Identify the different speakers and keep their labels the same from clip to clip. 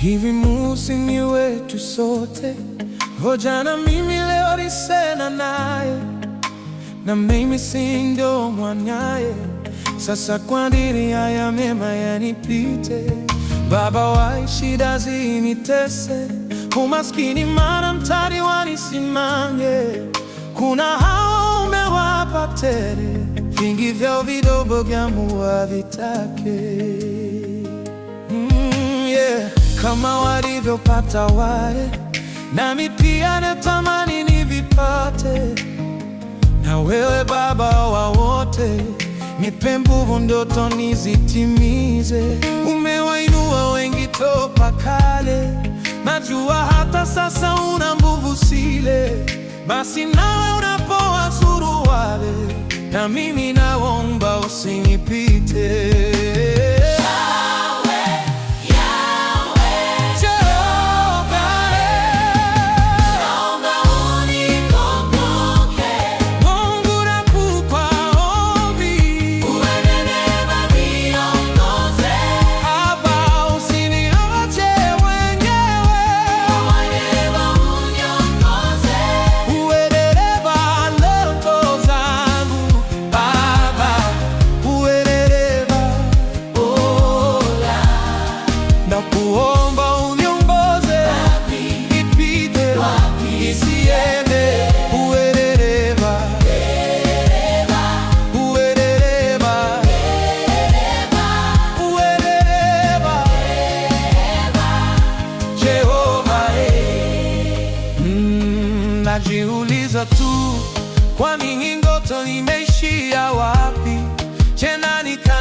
Speaker 1: Hivi Musi ni wetu sote, hoja na mimi leo risena naye na mimi si ndo mwanaye. Sasa kwa nini haya mema yanipite? Baba wa shida zinitese, umaskini mara mtari wanisimanye. Kuna hao umewapa tele, vingi vyao vidogo vya mua vitake kama walivyopata wale, nami pia natamani nivipate. Na wewe Baba wa wote, nipe nguvu ndoto nizitimize. Umewainua wengi toka kale, najua hata sasa una nguvu sile. Basi nawe unapowazuru wale, na mimi Najiuliza tu kwa nini ndoto imeishia wapi? chenanika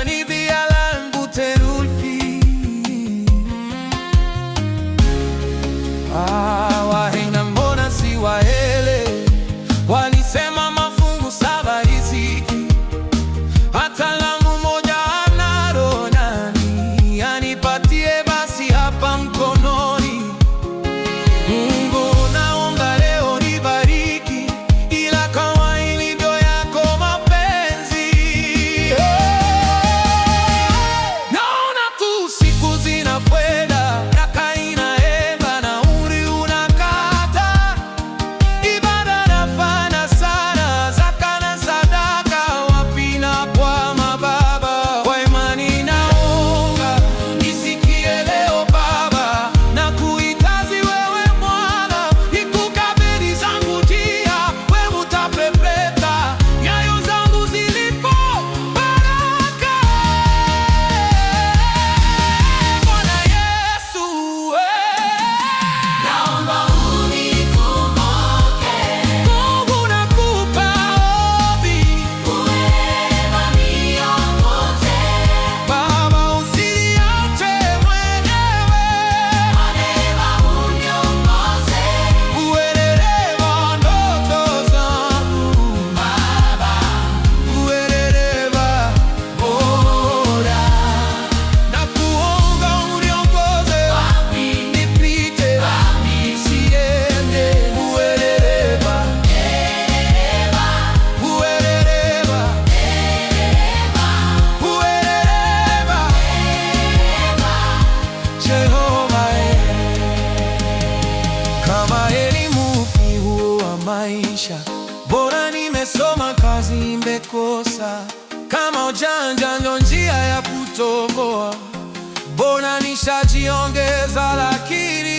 Speaker 1: kulia, kama ujanja ndo njia ya kutoboa, bona nishajiongeza lakini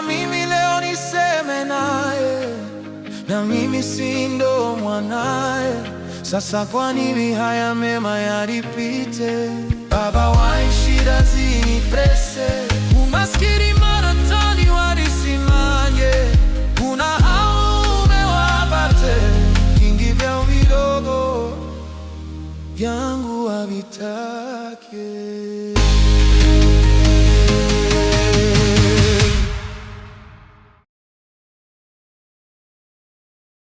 Speaker 1: na mimi leo niseme naye, na mimi si ndo mwanaye. Sasa kwa nini haya mema yaripite? Baba wa shida zinipresse, umaskini maratani warisimanye, kuna hao umewapate, vingi vya vidogo vyangu wavitake